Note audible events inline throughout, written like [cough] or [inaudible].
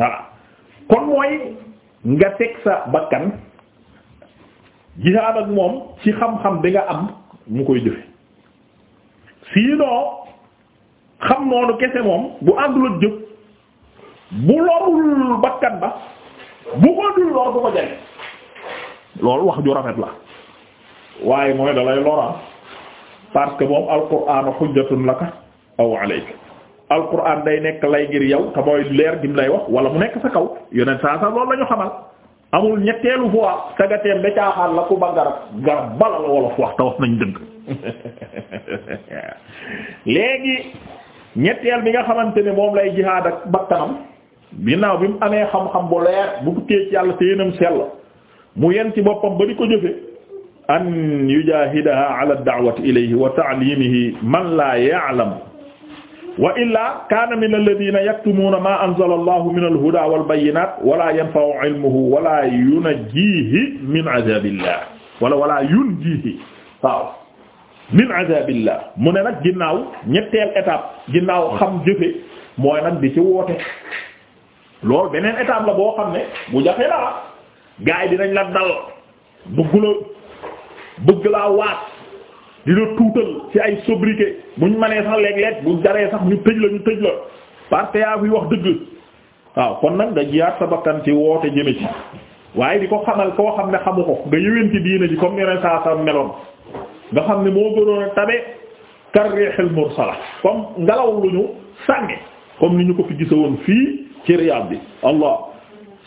voilà kon mooy nga teg sa bakkan jihaad ak moom ci xam-xam bi nga am mu koy jëfe sinon xam noonu kese moom bu àndul ak jëf bu lorul bakkan ba bu ko dul lor bu ko jëlee loolu wax ju rafet la waaye mooy dalay lora ah. parce que moom alquraan xujjatun laka aw alayka alquran day nekk lay ngir yow te mooy leer gim lay wax wala mu nekk sa kaw yonent saa saa loolu la ñu xamal amul ñetteelu fois sagateem ba caaxaan la ku ba garab garab bala la wolof wax te wax nañ dëgg [laughs] léegi ñetteel bi nga xamante ne moom lay jihaad ak bakkanam ginnaaw bi mu amee xam-xam bu leer bu tukkee ci yàlla te yéenam sell mu yen ci boppam ba di ko jëfe an yujahidaha ala da'wati ilayhi wa ta'limihi man la ya'lam wa illaa kaana min alladhiina yaktumuuna maa anzala allahu min alhudaa wal bayyinaat wala yanfa'u ilmuhu wala yunjiihi min azaabillah wala wala yunjiihi waaw min azaabillah mu ne nag ginnaaw ñetteel étape ginnaaw xam jëfe mooy nag di ci woote loolu beneen étape la boo xam ne bu jafe la gaay dinañ la dal bëgg la bëgg laa waat di la tuutal ci ay sobriquet buñ mënee sax léeg-léeg bu jaree sax ñu tëj la ñu tëj la parce que yaa fi wax dëgg waaw kon nag nga jiyaat sa bakkan ci woote jëme ci waaye di ko xamal koo xam ne xamu ko nga yëwén ci diina ji comme yeneen saa sa meloon nga xam ne moo gënoon a tabe kar reexil mursala comme ngelaw lu ñu sànni comme ni ñu ko fi gisa woon fii ci Riyad bi allah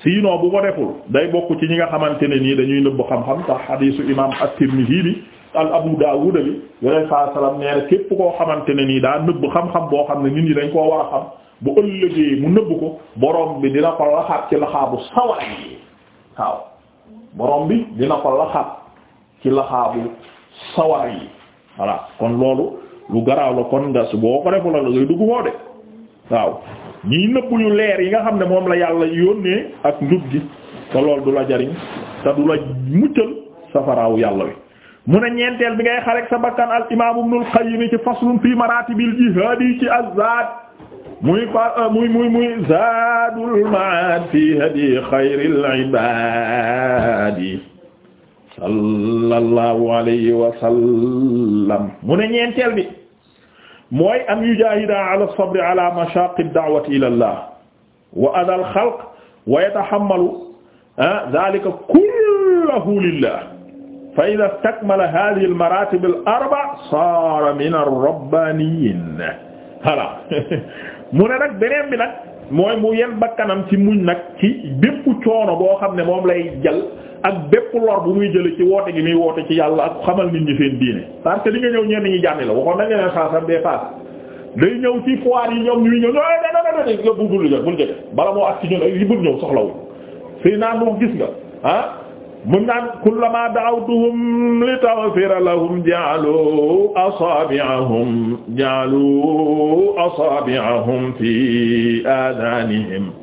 sinon bu ko deful day bokk ci ñi nga xamante ne nii dañuy nëbb xam-xam tax xadiisu imam al Abu Dawud bi yeneen saa salaam nee képp koo xamante ne nii daa nëbb xam-xam boo xam ne nit ñi dañ koo war a xam bu ëllëgee mu nëbb ko borom bi dina ko laxaat ci laxaabu sawara yi waaw borom bi dina ko laxaat ci laxaabu sawara yi voilà kon loolu lu garaaw la kon nga boo ko deful la ngay dugg koo de waaw ñii nëbb yu leer yi nga xam ne moom la yàlla yónnee ak njub gi te lool du la jariñ te du la muccal safaraawu yàlla wi mu ne ñeenteel bi ngay xarek sa bakkan al imam ibn al qayyim ci faslun fi maratibil jihad yi ci azad muy pa euh, muy muy muy zadul ma'ad fi hadi khayril ibadi sallallahu alayhi wa sallam mu ne ñeenteel bi mooy am yujahida ala sabri ala mashaqi da'wati ila allah wa adal khalq wa yatahammalu dhalika ah, kullahu lillah fa ida stakmala hadihi al maratib al arba sara min ar rabbaniyin voilà mu ne nag beneen bi nag mooy mu yen bakkanam ci muñ nag ci bépp coono boo xam ne moom lay jal ak bépp lor bu muy jële ci woote gi muy woote ci yàlla ak xamal nit ñi seen diine parce li nga ñëw ñenn ñi jànni la waxoon nañ leen saasam des pass day ñëw ci foire yi ñoom ñuy ñëw ñoo da da da da bul bul jël bul jël bala moo ak ci ñun ñëw soxlawu sëy naa moom gis nga ah mun naan kullama da'awtuhum litaghfira lahum ja'alu asabi'ahum ja'alu asabi'ahum fi adhanihim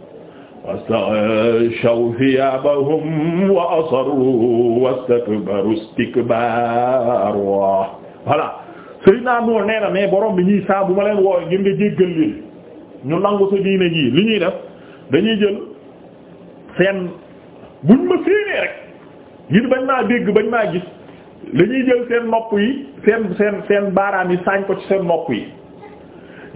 wastaghshaw thiyabahum wa asarru wastakbaru istikbara voilà Seydina Nuh nee na mais borom bi ñuy saa bu ma leen woowe ngir nga jéggal leen ñu nangu sa diine ji li ñuy def dañuy jël seen buñ ma séenee rek ngir bañ maa dégg bañ maa gis lañuy jël seen nopp yi seen seen seen baaraam yi saañ ko ci seen nopp yi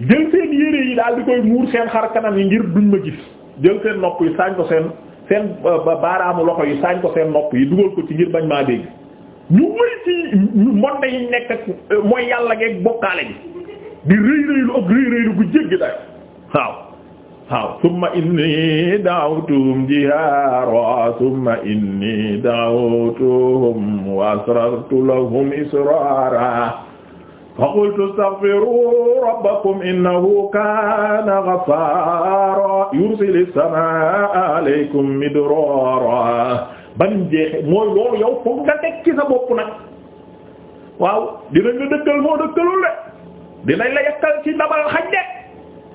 jël seen yére yi daal di koy muur seen xar kanam yi ngir duñ ma gis jël seen nopp yi saañ ko seen seen euh, baaraamu loxo yi saañ ko seen nopp yi dugal ko ci ngir bañ maa dégg ñu wëy ci ñu monde yi nekk ak euh, mooy yàlla geeg bokkaale gi di rëy rëylu ak rëy rëylu bu jéggi day waaw waaw summa inni da'awtuhum jihara summa inni da'awtuhum wa asrartu lahum israra fa qultu astaghfiru rabbakum innahu kana ghaffara yursilu as-samaa alaykum midrara ban jeexe mooy loolu yow foog nga teg ci sa bopp nag waaw dinañ la dëkkal moo dëkkalul de dinañ la yekkal ci ndabal xaj de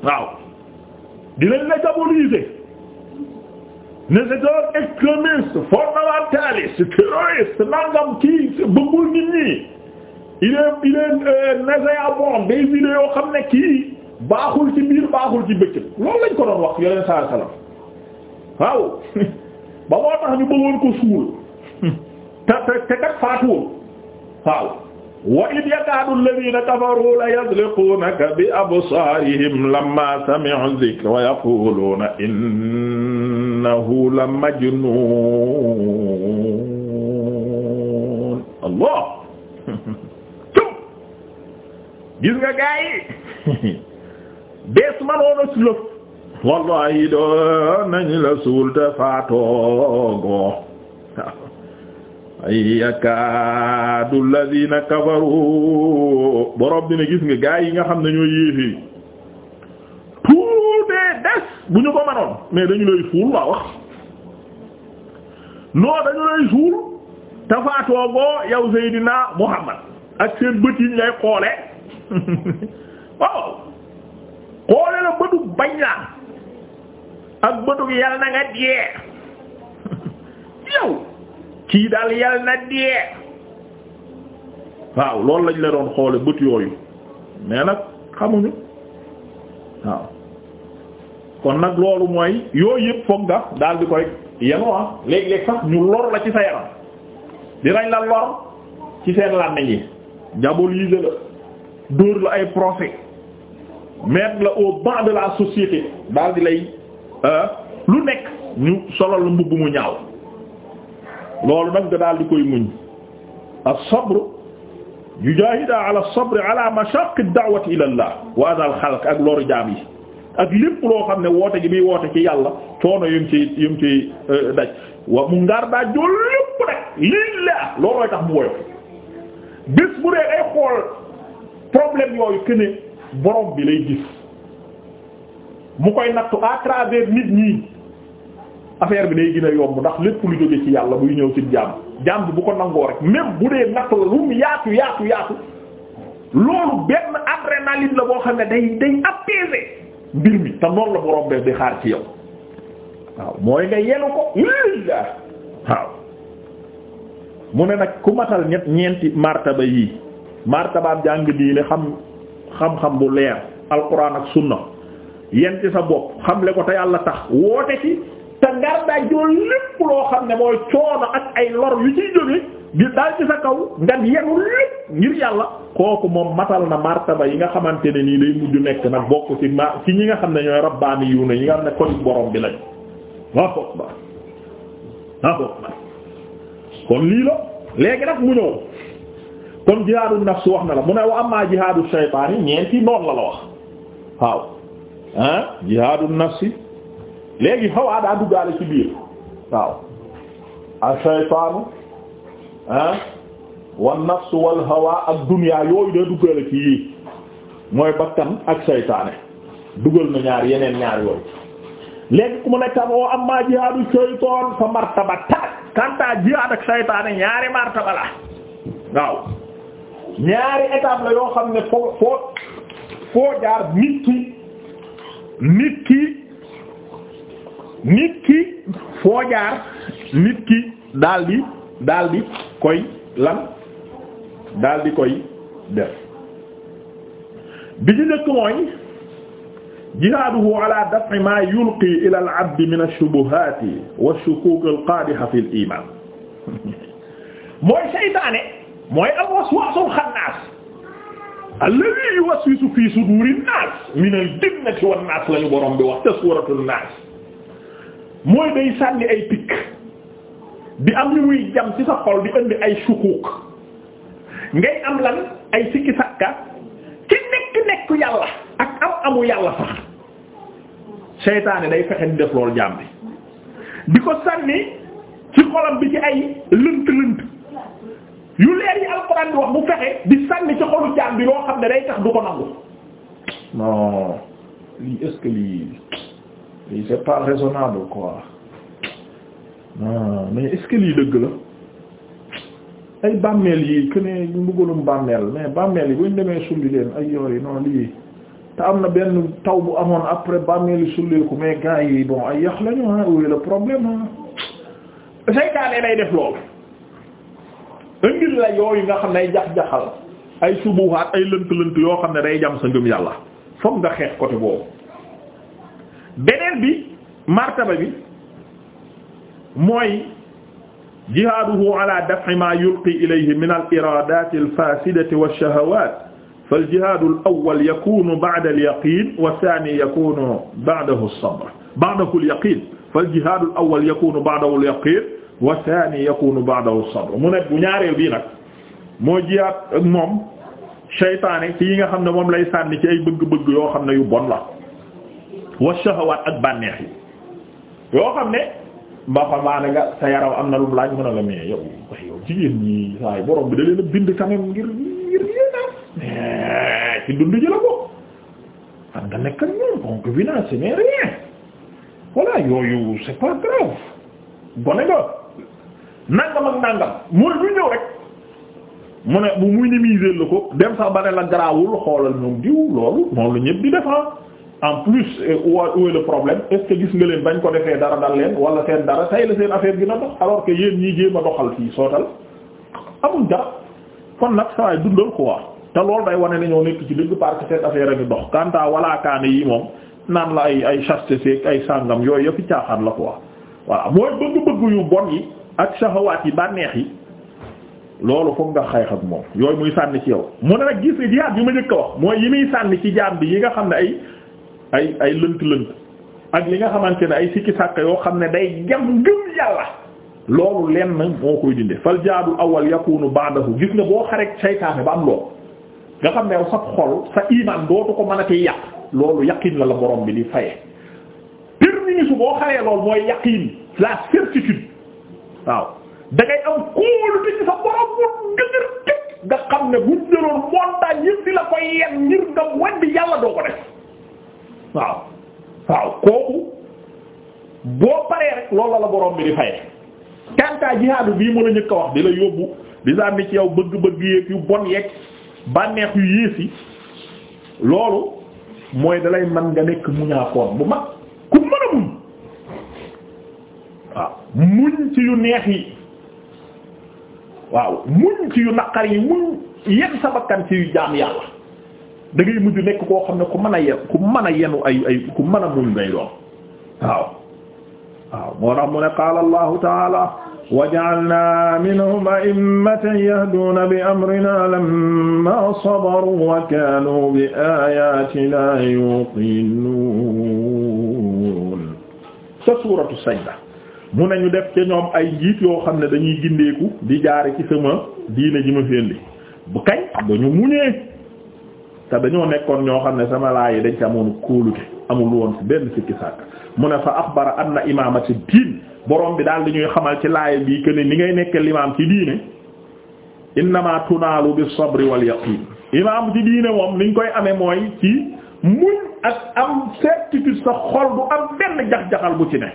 waaw di la diaboliser ne c'est un extrémiste fondamentaliste nangam kii bëggul nit ñi il est il est euh, nauséabond des idées yoo xam ne kii baaxul ci biir baaxul ci bëccëg loolu lañ ko doon wax yoneen saa salaam waaw [laughs] ba moo tax ñu bëggoon ko suul [laughs] te te te kat faatuwul waaw. wa id yakaadu alladina kafaru la yasliquunaka bi absaarihim lamma sami'u dhikra wa yaquluuna innahu la majnuun allah [laughs] gis nga gaa yi bés [laughs] manoona sulëf wallahi doo nañ la suul te faatoogo yakaadu alladhina kafaru borom bi ne gis nga gaa yi nga xam ne ñoo yéeféeri tuutee des bu ñu ko manoon mais dañu lay suul waa wax non dañu lay suul tafaatoo boo yow Seydina Muhammad ak seen bët yi ñu lay xoole [laughs] waaw xoole la bëtu bañ la ak bëtu yal na nga [laughs] yow kii daal yal na dee waaw loolu lañ la doon xoole bët yooyu mais nag xamuñu waaw kon nag loolu mooy yooyu yëpp foog nga daal di koy yenoo ah léeg sax ñu lor la ci sa yaram dinañ la lor ci seen làmmiñ yi diaboliser la dóor la ay procès mettre la au banc la société daal di lay euh, lu nekk ñu solal la mbubb mu ñaaw loolu nag nga daal di koy muñ as-sabr yujahida ala as-sabr ala mashaq ad-da'wati ila Allah wa ala ak loru jaam yi ak lépp loo xam ne woote gi muy woote ci yàlla coono yum ci yum ci euh, daj wa mu ngaar daa jool lépp rek lillah loolooy tax mu woyof bés bu dee ay xool problème yooyu këne borom bi lay gis mu koy nattu à nit ñi affaire bi day gën a yomb ndax lépp lu jóge ci yàlla buy ñëw ci jaam jaam bi bu ko nangoo rek même bu dee natt la lu mu yaatu yaatu yaatu loolu benn adrénaline la boo xam ne day day apaiser mbir mi te noonu la borom bee di xaar ci yow waaw mooy nga yelu ko walla waaw mu ne nag ku matal ñett ñeenti martaba yii martabaam jàng diine xam xam-xam bu leer alquran ak sunna yenti sa bopp xamle ko te yàlla tax woote ci te ngar daaj lépp loo xam ne mooy coono ak ay lor yu ciy jóge di daal ci sa kaw nga yenu lépp ngir yàlla kooku moom matal na martaba yi nga xamante ne nii day mujj nekk nag bokk ci ma ci ñi nga xam ne ñooy rabbaani yu ne ñi nga xam ne koy borom bi lañ waaw foog ba kon lii la léegi nag mu ñëw kon jihaadu nafs wax na la mu ne wa amma jihaadu shaytaani ñeenti noon la la wax waaw ah jihaadu nafsi léegi xawaa daa duggaale ci biir waaw ash-shaytaanu ah wan nafsu wal hawa ak dunya yooyu daa duggaale ci mooy bakkan ak saytaane dugal na ñaar yeneen ñaar yooyu léegi ku mu nekk am oh, am maa jihaadu shaytaan fa martaba taat kanta jihaad ak saytaane ñaari martaba la waaw ñaari étape la yoo xam ne foo foo foo jaar nit ki nit ki foo jaar nit ki daldi daldi koy lan daldi koy def bi ñu njëkk mooy jihaaduhu ala daf'i ma yulqi ila al-'abd min ash-shubuhati wa ash-shukuk al-qadiha fi al-iman [laughs] mooy seytaane mooy al-waswasul xannaas alladhi yuwaswisu fi suduri an-nas min al-jinnati wan-nas lañu borom bi wax te suuratul naas mooy day sànni ay pikk di am lu muy jam ci sa xol di indi ay sukuuk ngay am lan ay sikki sakka ci nekk nekku yàlla ak am amu yàlla sax seytaane day fexe di def loolu jaam bi di ko sànni ci xolam bi ci ay lënt lënt yu leer yi alxuraan bi wax bu fexe di sànni ci xolu jaam bi loo xam ne day tax du ko nangu lii est lii lii c'est pas raisonnable quoi non mais est-ce dëgg la ay bàmmeel yi que ne mbugalum bàmmeel mais bàmmeel yi bu buñ demee sulli leen ay yooyu non lii te am na benn taw bu amoon après bàmmeel yi sulleeku mais gars yi bon ay yàq lañu ah oui le problème ah. seytaane lay def loolu indil la yooyu nga xam ne ay jax-jaxal ay subuhaat ay lënt-lënt yoo xam ne day jam sa ngëm yàlla foog nga xeex coté boobu. beneen bi martaba bi mooy jihaaduhu ala daf'i ma yulqi ilayhi min al iraadaati al faasidati wa shahawaat fal jihaadu al awwal yakunu ba'da al yaqiin wa saani yakunu ba'dahu al sabr ba'dahu al yaqiin fal jihaadu al awwal yakunu ba'dahu al yaqiin wa saani yakunu ba'dahu al sabr mu ne bu ñaareel bii nag moo jihaad ak moom seytaane ci yi nga xam ne moom lay sànni ci ay bëgg-bëgg yoo xam ne yu bon la. wa shahawaat ak bànneex yi yoo xam ne ba fa maana nga sa yaram am na lu mu laaj mën a la mais yow waaye bi a bind quand yooyu c'est pas grave gone nga nangam ak nangam mooy lu ñëw rek mu ne bu muy minimiser la ko dem sax ba la garaawul xoolal ñoom diw loolu moom la ñëpp di defar ah. en plus euh, où est le problème est-ce que gis nga leen bañ ko defee dara dal leen wala seen dara tay la seen affaire dina dox alors que yéen ñii jéem a doxal fii sootal amul dara kon nag saa dundal ko wax te loolu day wane ne ñoo nekk ci dëgg parce que seen affaire a dox quant à walaakaane yi moom naan la ay ay chaste seeg ay sàngam yooyu yëpp caaxaan la ko wax voilà mooy bëgg-bëgg yu bon yi ak saxawaat yi bànneex yi loolu foog nga xeex ak moom yooyu muy ci yow mu yi nga xam ne ay ay ay lënt-lënt ak li nga xamante ne ay sikki sàkk yoo xam ne day jam gëm yàlla loolu lenn moo koy dinde fal jaadu awal yakunu ba'dahu gis nga boo xarek saytaane ba am lool xam a tey yàq loolu bi di faye mooy yaqin la certitude nga xam ne bu jëloon montagne yëpp la koy yen ngir nga weddi yàlla doo ko def waaw waaw kooku boo paree rek loolu la la bi di fay kantaa jihaadu bii mën a ñëkk a wax di la yóbbu di sànni ci yaw bëgg-bëgg yeeg yu bon yeeg bànneex yu yi loolu mooy dalay man nga nekk muñaakoon bu mag ku mën a muñ waaw muñ ci yu neex yi waaw muñ ci yu naqar yi muñ yenn sa ci yu jaam yàlla da ngay mujj nekk koo xam ne ku mën a yen ku mën a yenu ay ay ku mën a muñ ngay doon waaw waaw moo tax mu ne qaala allahu taala wa ja'alna minhum a'immatan yahduuna bi amrina lamma sabaru wa kaanu bi ayatina yuqinuun sa suuratu sajda mu ne ñu def ca ñoom ay njiit yoo xam ne dañuy gindeeku di jaare ci sama diine ji ma féndi bu kañ ba ñu muñee te dañoo nekkoon ñoo xam ne sama laa yi dañ ci amoon kóolute amul woon ci benn sikki sàkk mu ne fa axbara anna imaamati diin borom bi daal di ñuy xamal ci laaya bii que ne ni ngay nekk limaam ci diine innama tunaalu bi sabri wal yaqin imaam ci diine moom niñ koy amee mooy ci muñ ak am certitude sa xol bu am benn jax-jaxal bu ci ne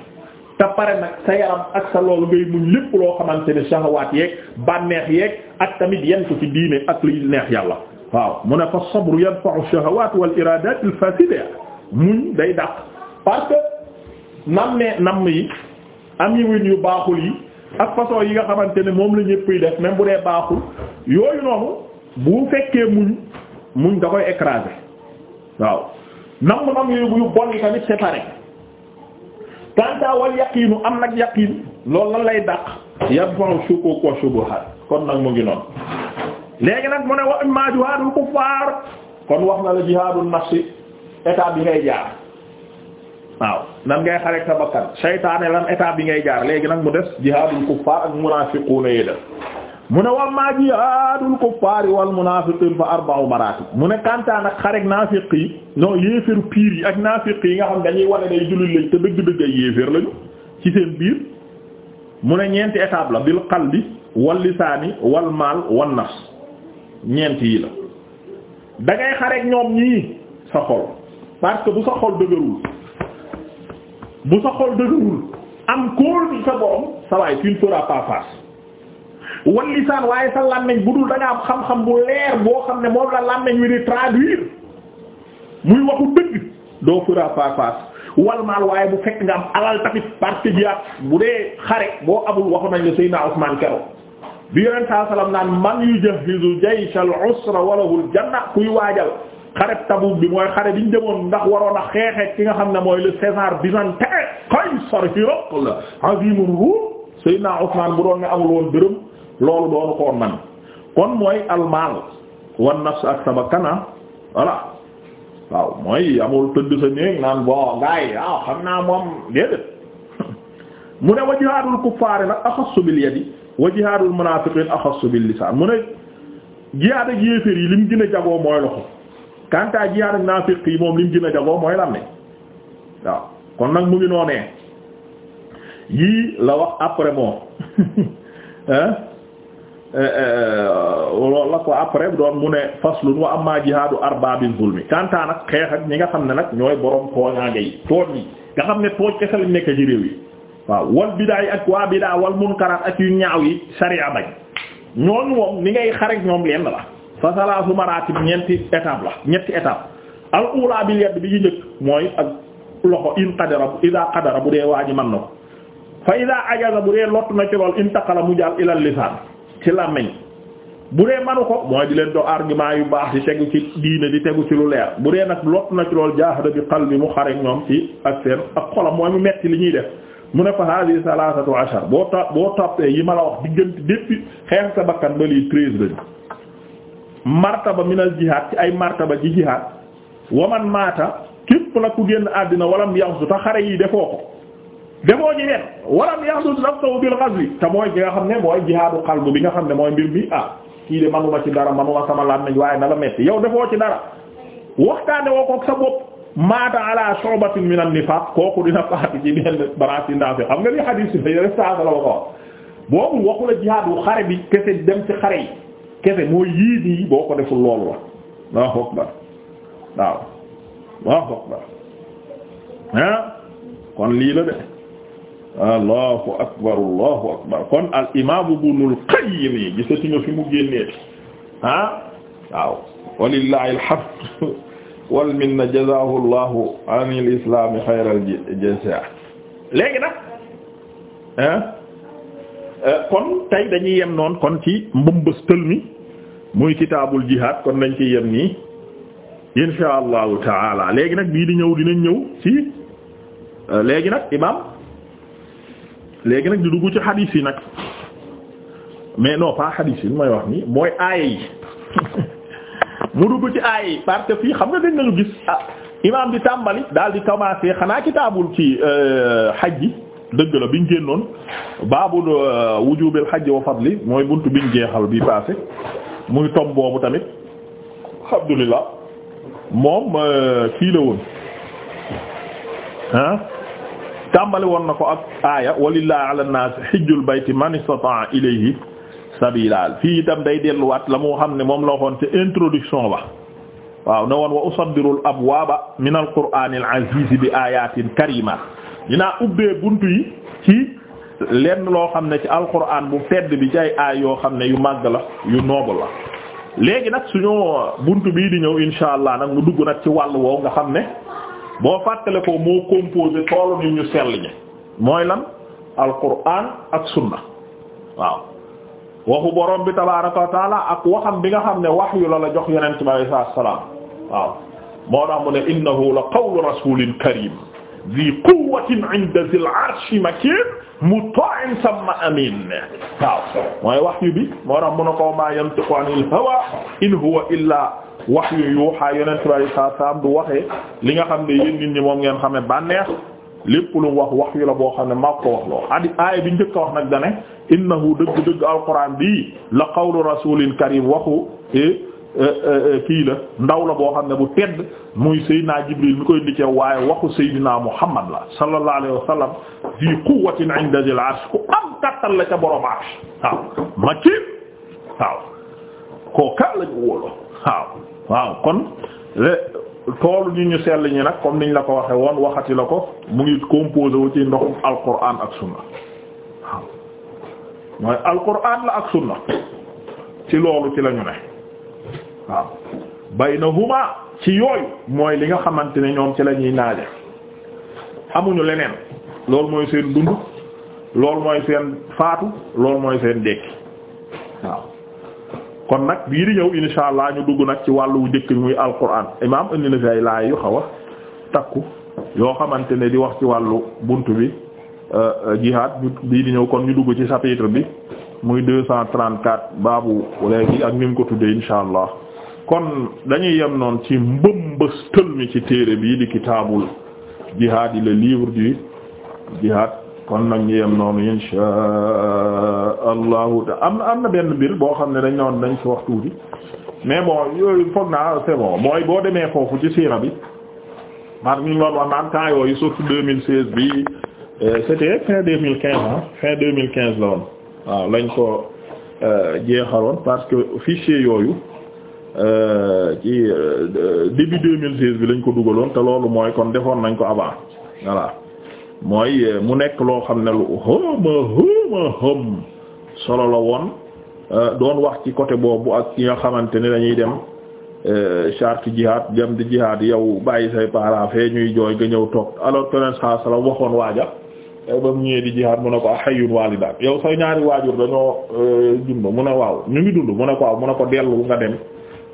te pare nag sa yaram ak sa loolu ngay muñ lépp loo xamante ne shahawaat yeeg bànneex yeeg ak tamit yentu ci diine ak liy neex yàlla waaw mu ne fa sabru yadfa'u ash-shahawat wal iradat al-fasida muñ day dàq parce que nam ne yi am yi win yu baaxul yi ak façon yi nga xamante ne moom la ñëpp yi def même bu dee baaxul yooyu noonu bu fekkee muñ muñ da koy écraser waaw nam nam yooyu bu yu bon yi tamit c'est pareil yaqiinu am nag yaqiin loolu lan lay dàq yadfa'u shukuk wa shubuhat kon nag mu ngi noonu léegi nag mu ne wa imma jihaadul kuffaar kon wax na la jihaadul nafsi état bi ngay jaar waaw nan ngay xareek sa bakkan seytaane lan état bi ngay jaar léegi nag mu des jihaadul kuffaar ak munaafiquuna yi def mu ne wa ma jihaadul kuffaari wal munaafiqiin fa arba'u maraatib mu ne kantaa nag xareek naafiq yi non piir yi ak naafiq yi nga xam dañuy wane day jullit lañ te dëgg-dëgg ay yéeféer lañu ci seen biir mu ne ñeenti étape la bil qalbi wal lisaani wal maal wan nafs ñeent yi la da ngay xareek ñoom ñii sa xol parce que bu sa xol dëgërul bu sa xol dëgërul am kóol sa borom sa waay tu ne feras pas waaye sa làmmiñ bu dul da nga am xam-xam bu leer boo xam ne moom la làmmiñ wi di traduire muy waxu dëgg doo feras pas face waaye bu fekk nga am alal tamit partie bi bu dee xare boo amul waxu nañ la Seydina Ousmane Kero bi yonent saa salaam naan man yujahhizu jaysh al-usra wa lahu al-janna kuy waajal xareb Tabuk bi mooy xare biñ demoon ndax waroon a xeexeek ki nga xam ne mooy la César byzantin Qaysar Hiraql azim ar-Rum Seydina Usman bu doon ne amul woon dërëm loolu doonu man kon mooy almaal wan nafs naan bon gaay ah waaw xam moom déedéet [laughs] mu ne wa jihaadul kuffaar nag axassu bil yadi wa jihaadul munaafiqiin axassu bil lisaan mu ne jihaad ak yéeféer yi lim gën a jagoo mooy loxo kantaa jihaad ak naafiq yi moom lim gën a jagoo mooy lan waaw kon nag mu ngi noonee yii la wax après moom loolu [laughs] euh, euh, euh, la ko après doon mu ne faslun wa amma jihaadu arbaabi zulmi kantaa nag xeex ak nga xam ne nag ñooy borom tooñaange yi tooñ yi nga xam ne tooñ kese lañ nekk ci yi waaw wal bidaa yi ak waa bidaa wal munkaraat ak yu ñaaw yi sariya bañ ñooñu moom ni ngay xarek ñoom lenn la fa salaasu maratib ñeenti étape la ñetti étape al ula bil bi ñu njëkk mooy ak loxo in qadara ida qadara bu dee waa ji mën na ko fa ida ajaza bu dee lott na ci lool intaqala mu jàll ilal lisaan ci làmmiñ bu dee manu ko mooy di leen do argument yu baax di tegu ci diine di tegu ci lu leer bu dee nag lott na ci lool jaahada bi qalbi mu xarek ñoom ci ak seen ak xolam mooy li ñuy def mu ne fa hadi salatatu ashar boo ta boo toppee yi ma la wax diggante depuis xeex sa bakkan ba lii treize lañu martaba minal jihaad ci ay martaba ba jihaad waman maata képp la ku génn àddina walam yaxsu ta xare yi defoo ko defoo ji leen walam yaxsu nafsahu bil ghazwi te mooy bi nga xam ne mooy jihaadu qalbu bi nga xam ne mooy mbir mi ah kii de manuma ci dara manuma sama laaj nañ waaye na la metti yow defoo ci dara waxtaane woo koog sa bopp maata ala shubatin min an-nifaq kooku dina faatu ci benn branche yi naafi xam nga li xadiis bi yore saa la ko boobu waxu la jihaad wu xare bi kese dem ci xare yi kese mooy yii nii boo ko deful loolu la Allahu akbar waaw Allahu akbar ah kon lii la de Allahu akbar Allahu akbar kon al imaam Ibnul Qayyim yi gisati nga fi mu génnee ah waaw walillahi alhamd wal minna jazaahu allahu anil islaami xayral jazaa léegi nag euh, kon tey dañuy yem noonu kon ci mbëmbëstal mi muy kitaabul jihaad kon dañ ci yem nii insha allahu taala léegi nag bii di ñëw dinañ ñëw ci euh, léegi nag imaam léegi nag di dugg ci xadiis yi nag mais non pas xadiis yi lu may wax nii mooy aaya yi [laughs] mu dugg ci aay parce fii xam nga dañ nañu gis ah, imaam di tàmbali daal di commencé xanaa kitaabul ci euh, xaj ji dëgg la biñ génnoon baabul euh, wujubil xaj wa fadli mooy buntu biñ jeexal bi passé muy tom boobu tamit alhamdulillah moom euh, kii la woon tàmbali woon na ko ak aaya walillahi ala nnaas xijjul bayti man istata'a ilayhi sabilaal fii itam day delluwaat la moo xam ne moom la waxoon ci introduction ba waaw ne woon wa usaddirul abwaaba min al qur'aanil aziiz bi ayatin karima dinaa ubbee buntu yi ci lenn loo xam ne ci alqur'aan bu tedd bi ci ay aay yoo xam ne yu màgg la yu noble la léegi nag suñu buntu bii di ñëw insha allah nag mu dugg nag ci wàll woow nga xam ne boo fàttale ko moo composé toolu ni ñu sell ñi mooy lan alqur'aan ak sunna waaw waxu borom bi tabaaraka ak waxam bi nga xam ne wahyu la la jox yonent bi alayhi salaam waaw moo tax mu ne innahu la qawlu rasulin karim zi quwwatin 'inda zil 'arshi makin mutaa'in samma amin waaw mooy bi moo tax ne ko ma yantiqu 'anil hawa in huwa illa wahyu yuha yonent bi alayhi salaam du waxee li nga xam ne yéen nit ñi moom ngeen xame bànneex lépp lu wax wax yu la boo xam ne maa ko wax lool adi aaya bi njëkk a wax nag dane innahu dëgg-dëgg alquran bii la qawlu rasulil karim waxu e, e, e, kii la ndaw la boo xam ne bu tedd muy Seydina Jibril mi koy ndikee waaye wax Seydina Muhammad la sallallahu alayhi wa sallam fii quwwatin inda la ca borom arsh waaw makin waaw kooka lañu wóolu kon toolu ñu ñu sell ñi nag comme niñ la ko waxe woon waxati la ko mu ngi composé wu ci ndoxum alquran ak sunna waaw mooy alquran la ak sunna ci loolu ci la ñu ne waaw baynahuma ci yooyu mooy li nga xamante ni ñoom ci la ñuy naaje amuñu leneen loolu mooy seen dund loolu mooy seen faatu loolu mooy seen dekki waaw kon nag bii di ñëw insha allah ñu dugg nag ci wàllu njëkk bi muy alquran imaam indi na fi ay laay yu xaw a takku yoo xamante ne di wax ci wàllu bunt bi euh, euh, jihad bii di ñëw kon ñu dugg ci chapitre bi muy deux cent trente-quatre baabu léegi ak ni mu ko tuddee insha allah kon dañuy yem noon ci mbëmbës tël mi ci téere bii di kitaabul jihad yi le livre du jihad kon nag ñu yem noonu insha allahu ta am na am na benn biir boo xam ne dañ noon dañ ci wax tuuti mais bon yooyu foog naa c'est bon mooy boo demee foofu ci siira bi maa ngi doon wax naan temps yooyu surtout 2016 bi euh, c'était fin 2015 ah fin 2015 la woon waaw lañ ko euh, jeexaloon parce que fichier yooyu euh, ci début 2016 bi lañ ko dugaloon te loolu mooy kon defoon nañ ko avant voilà. mooy euh, mu nekk loo xam ne lu homa homa hom solo la woon euh, doon wax ci côté boobu ak yi nga xamante ne dañuy dem euh, charte jihad dem di jihad yow bàyyi say parents fee ñuy jooy nga ñëw toog alors que ren waxoon waaja ba mu ñëwee di jihad mu ne ko hayyun walidan yow say ñaari waajur dañoo dund mu ne waaw ñu ngi dund mu ne ko waaw mu ne ko dellu nga dem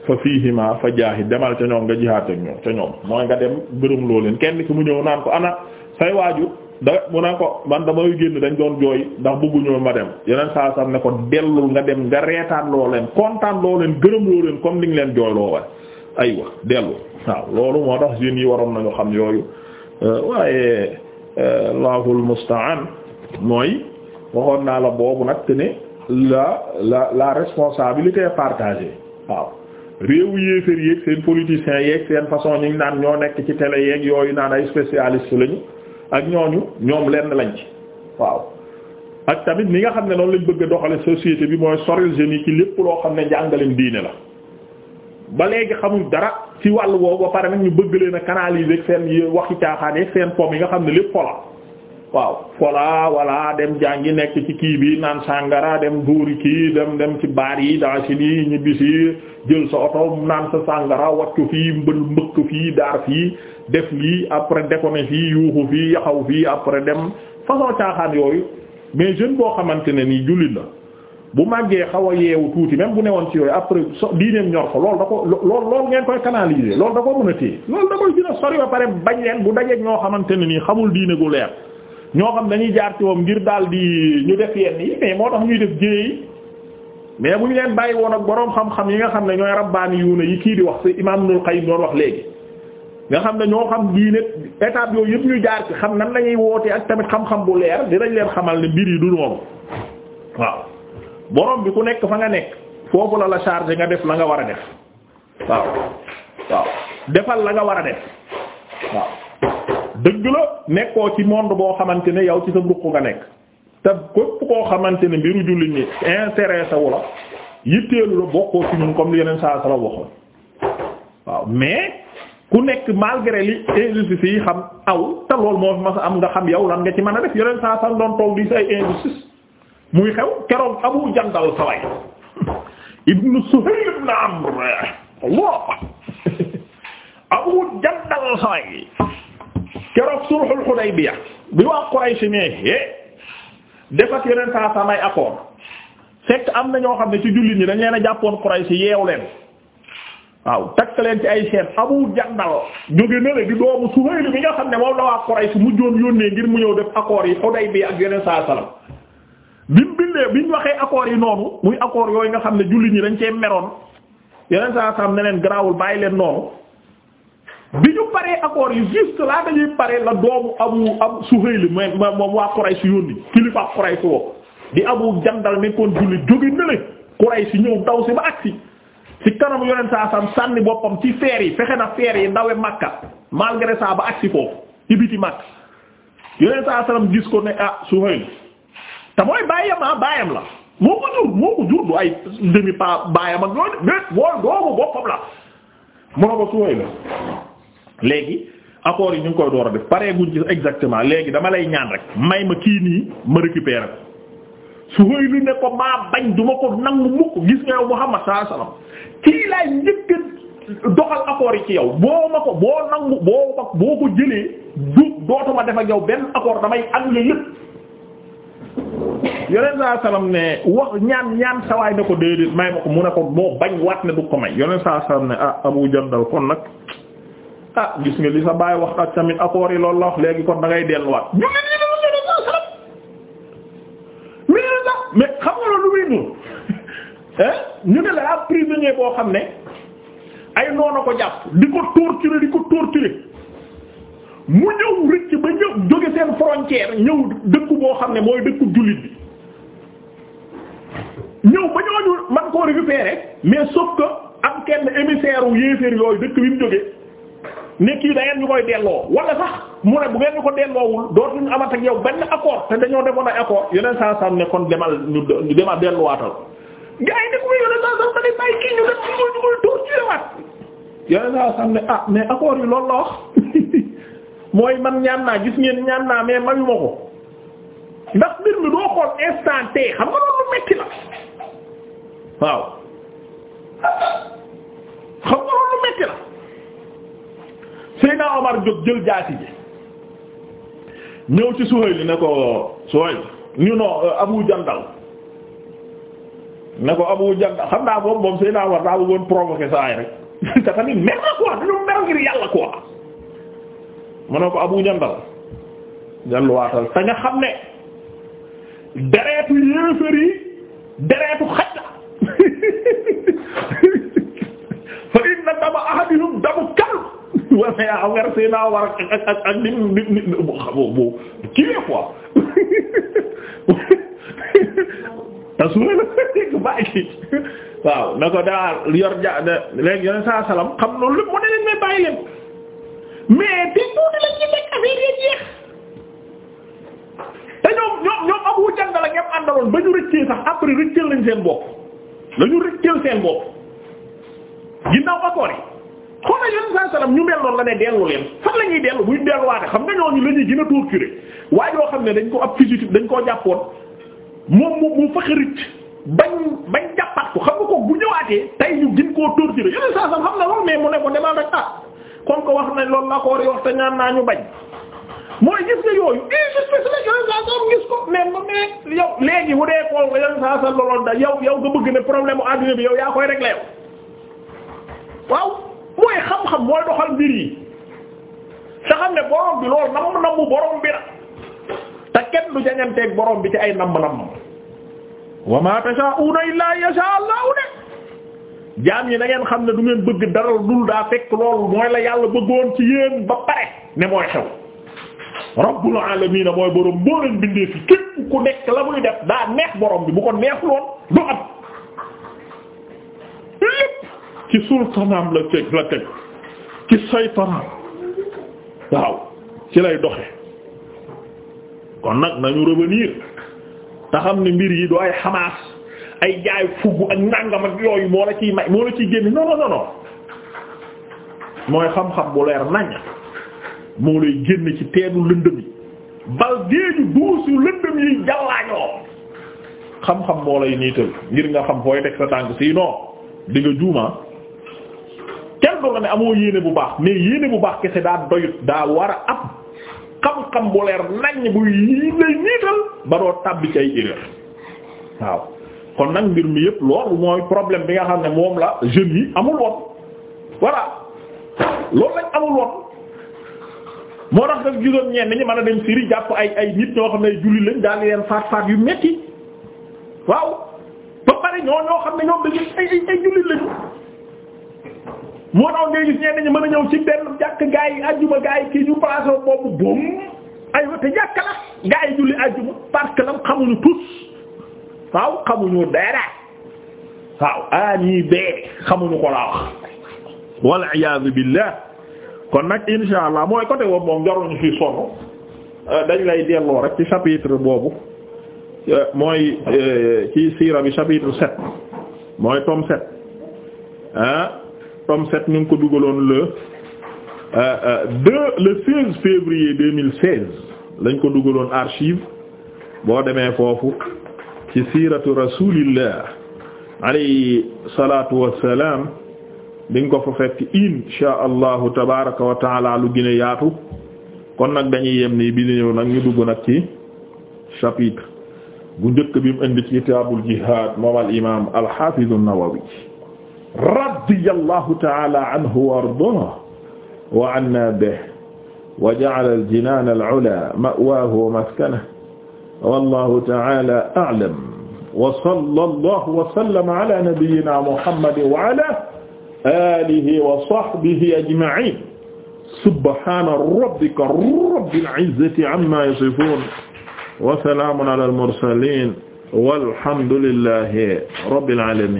fa fiihima fa jaahid demal ca ñoom nga jihad ca ñoom mooy nga dem gërëm loo kenn ki da mu ne ko man damay génn dañ doon jooy ndax bëgguñoo ma dem yeneen saa sam ne ko dellul nga dem nga reetaan loo leen kontaan loo leen gërëm leen comme ni nga leen jooy loo war aywa dellu waaw loolu moo tax jeunes yi waroon nañu xam yooyu euh, waaye euh, allahul musta'an mooy waxoon naa la boobu nag te ne la la la responsabilité partagée waaw réewu yéefér yeeg seen politiciens yeeg seen façon ñu ngi naan ñoo nekk ci télé yeeg yooyu naan ay spécialistes lañu ak ñooñu ñoom lenn lañ ci waaw ak tamit ni nga xam ne noonu lañ bëgg a doxale société bi mooy soril jeunes yi ci lépp loo xam ne njàngaleem diine la ba léegi xamuñ dara ci wàll woowu ba pare nag ñu bëgg leen a canaliser seen waxi caaxaane seen pom yi nga xam ne lépp fola waaw fola walla dem jàngi nekk ci kii bi naan sàngara dem buuri kii dem dem ci baar yi daa si nii ñibbisi jël sa oto naan sa sàngara waccu fii mbël mbëkk fii daar fii def lii après déconné fii yuuxu fii yaxaw fii après dem façon caaxaan yooyu mais jeune boo xamante ne nii jullit la bu màggee xaw a yeewu tuuti même bu newoon ci yooyu après so diineem ñor ko loolu da ko lool loolu ngeen koy canaliser loolu da ko mën a téye loolu da koy dina sori ba pare bañ leen bu dajeeg ñoo xamante ne nii xamul diine gu leer ñoo xam dañuy jaar ci moom ngir daal di ñu def yenn yi mais moo tax ñuy def jéey yi mais bu ñu leen bàyyi woon ak boroom xam-xam yi nga xam ne ñooy rabbaani yuuna yi kii di wax ci imam Ibnul Qayyim léegi nga xam ne ñoo xam diine étape yooyu yëpp ñu jaar ci xam nan lañuy wootee ak tamit xam-xam bu leer dinañ leen xamal ne mbir yi du noonu waaw borom bi ku nekk fa nga nekk foofu la la chargé nga def la nga war a def waaw defal la nga war a def waaw dëgg la nekkoo ci monde boo xamante ne yow ci sa mbuq nga nekk te képp koo xamante ne mbiru jullit ñi intéressé wu la yitteelu la bokkoo ci ñun comme li yeneen saa sala waxoon waaw mais ku nekk malgré li injustice yi xam aw te loolu moo fi mas am nga xam yow lan nga ci mën a def yeneen saa sax doon toog di say injustice muy xew keroog Abu Jandal saway ibnu Suhayl ibn Amr Allah Abu Jandal saway fekk am na ñoo xam ne ci jullit ñi dañ leen a jàppoon Quraysh yeew leen waaw takk leen ci ay chaîne Abu Jandal jóge na le di doomu Suhayl bi nga xam ne moom la waa Quraysh mujjoon yónnee ngir mu ñëw def accords yi Hudaybiya ak yeneen saa salaam bi mu bindee bi ñu waxee accords yi noonu muy accords yooyu nga xam ne jullit ñi dañ cee meroon yeneen saa salaam ne leen garaawul bàyyi leen noonu bi ñu paree accords yi juste laa dañuy pare la doomu Abu Abu Suhayl moom waa Quraysh yónni kilifa Quraysh woo di Abu Jandal nekkoon jullit jóge na le Quraysh ñëw daw si ci kanam yonent saa sam sànni boppam ci feer yi fexe na feer yi ndawe Makka malgré ça ba agsi foofu ci biti Makka yonent saa sam gis ko ne ah Suhayl te mooy baayam ah baayam la moo ko jur moo ko jur du ay demi pa baayam ak yooyu doomu boppam la mu ne ko Suhayl la léegi accords yi ñu ngi koy door a def paree guñ ci exactement léegi dama lay ñaan rek may ma kii nii ma récupérer ko Suhayl ne ko maa bañ duma ko nangu mukk gis nga yow Muhammad sallallahu fii laay njëkk doxal accord yi ci yow boo ma ko boo nangu boo ma boo ko jëlee du dootuma def ak benn accord damay annulé lépp yonent saa salaam ne wax ñaan ñaan sawaay ne ko déedéet may ma ko mu ne ko moo bañ waat ne du ko may yonent saa salaam ne ah Abu Jandal kon nag ah gis nga li sa baay wax ak tamit accord yi loolu la léegi kon da ngay delluwaat. ñu ne nii loolu yonent saa salaam mais xam nga loolu lu muy [laughs] ñu ne la prisonnier boo xam ne ay noonu ko jàpp di ko torturer di ko torturer mu ñëw rëcc ba ñëw jóge seen frontière ñëw dëkk boo xam ne mooy dëkku jullit bi ñëw ba ñooñu man koo mais sauf am kenn émissaire wu yéeféer yooyu dëkk bi mu da ngeen ñu koy delloo wala sax mu bu ngeen ñu ko delloowul dootuñu amat ak yow benn accord te dañoo defoon ay accord yeneen saa saa ne demal ñu demal delluwaatal. gars yi ne ko yore saa saa ne yeneen saa sax ne ah mais accords yi loolu la wax [laughs] mooy man ñaan naa gis ngeen ñaan naa mais mayu ma ko ndax mbir mi doo xool instant T xam nga loolu metti la waaw xam nga loolu metti la Seydina Omar jóg jël jaasi ji ñëw ci Suhayl ne ko Suhayl ñu no euh, Abu Jandal ne ko Abu Jandal xam naa moom moom Seydina Omar daa bëggoon provoquer saa yi rek te [laughs] tamit mer na quoi dañoo mer ngir yàlla quoi mu ne ko abu jandal delluwaatal te nga xam ne dereetu yéefar dereetu xaj la [laughs] fa inna dama ahadihum damu kalb wala yaa xam nga rek naa war ak ak ak ak ni mu ni boo kii quoi [laughs] te su la la fekk bàyyi waaw na ko daal yor ja léegi yoneen saa salaam xam noonu lépp mu ne leen mais bàyyi leen mais te tuuti lañ ci nekk affaire yi jeex te ñoom ñoom ñoom Abu Jahl la ngeen àndaloon ba ñu rëccee sax après rëcceel lañ seen bopp la ñu rëcceel seen bopp ginnaaw accord yi xoolal yoneen saa salaam ñu mel noonu la ne dellu leen fan la ñuy dellu buy delluwaate xam nga ñooñu la ñuy gën a torturer waaye yoo xam ne dañ ko ab fugitif dañ koo jàppoon moom mu mu fexe rëcc bañ bañ ko xam nga ko bu ñëwaatee tay ñu gën koo torturer yeneen saa sam xam na loolu mais mu ne ko demal rek ah comme ko wax nañ loolu laa ko bañ mooy gis yooyu injustice la yeneen ko mais ma mais yow léegi wu dee xool nga yeneen saa sam da yow yow nga bëgg ne problème u adduna bi yow yaa koy régler yow waaw mooy xam-xam mooy doxal mbir yi te xam ne borom bi loolu namm namm borom bi la te kenn du jañanteeg borom bi ci ay namm-namm wa ma tashaa'una illaa yashaa Allahu de jaam ñi na ngeen xam ne du ngeen bëgg dara dul daa fekk loolu mooy la yàlla bëggoon ci yéen ba pare ne mooy xew rabbul alamin mooy borom boo leen bindee fi képp ku nekk la muy def daa neex borom bi bu ko neexuloon du am lépp ci sultanaam la teg la teg ci saytanaam waaw ci lay doxe kon nag nañu revenir te xam ne mbir yi du ay xamaas ay jaay fugg ak nàngam ak yooyu moo la ciy may moo la ciy génn non non non mooy xam-xam bu leer nañ moo lay génn ci teenu lëndëm yi bal géeju duusu lëndëm yi jàllaañoo xam-xam moo lay niital ngir nga xam fooy teg sa tànk sinon di juuma kenn du la ne amoo yéene bu baax mais yéene bu baax kese daa doyut daa war xam-xam bu nañ bu yii lay niital ba doo tàbbi ci ay erreur waaw kon nag mbir mi yëpp loolu mooy problème bi nga xam ne moom la jeunes yi amul woon voilà loolu lañ amul woon moo tax daf gisoon ñenn ñi mën a dem siri jàpp ay ay nit ñoo xam ne julli lañ daal di leen faat faat yu metti waaw ba pare ñoo ñoo xam ne ñoom dañuy ay ay julli lañu moo tax ngay gis ñenn ñi mën a ñëw ci benn jàkk gaa yi àjjuma kii ñu placé boobu boobu aywa te jàkk la gaa julli àjjuma parce que lam xamuñu tous waaw xamuñu dara waaw ah ñii bee xamuñu ko laa wax. wal iyaazu billah kon nag insha allah mooy côté boobu moom jaruñu fi sonn euh, dañ lay delloo rek ci chapitre boobu euh, mooy euh, ci siira bi chapitre sept mooy tome sept ah. tome 7 ñu ngi ko dugaloon le euh, euh, le 16 février 2016 lañ ko dugaloon archive boo demee foofu ci siiratu rasulillah alayhi salatu wassalam di nga ko fa fekk insha allahu tabaraka wa taala lu gën yaatu kon nag dañuy yem nii bi di nag ñu dugg nag ci chapitre bu njëkk bi mu indi ci kitaabul jihad moom al imam al hafiz nawawi radiyallahu ta'ala anhu wa ardaahu wa anna bihi wa ja'ala al-jinaan al-'ulaa ma'waahu wa maskanahu wallahu ta'ala a'lam wa sallallahu wa sallama ala nabiyyina muhammadin wa ala alihi wa sahbihi ajma'in subhana rabbika rabbil 'izzati 'amma yasifun wa salamun ala al-mursalin walhamdulillahi rabbil 'alamin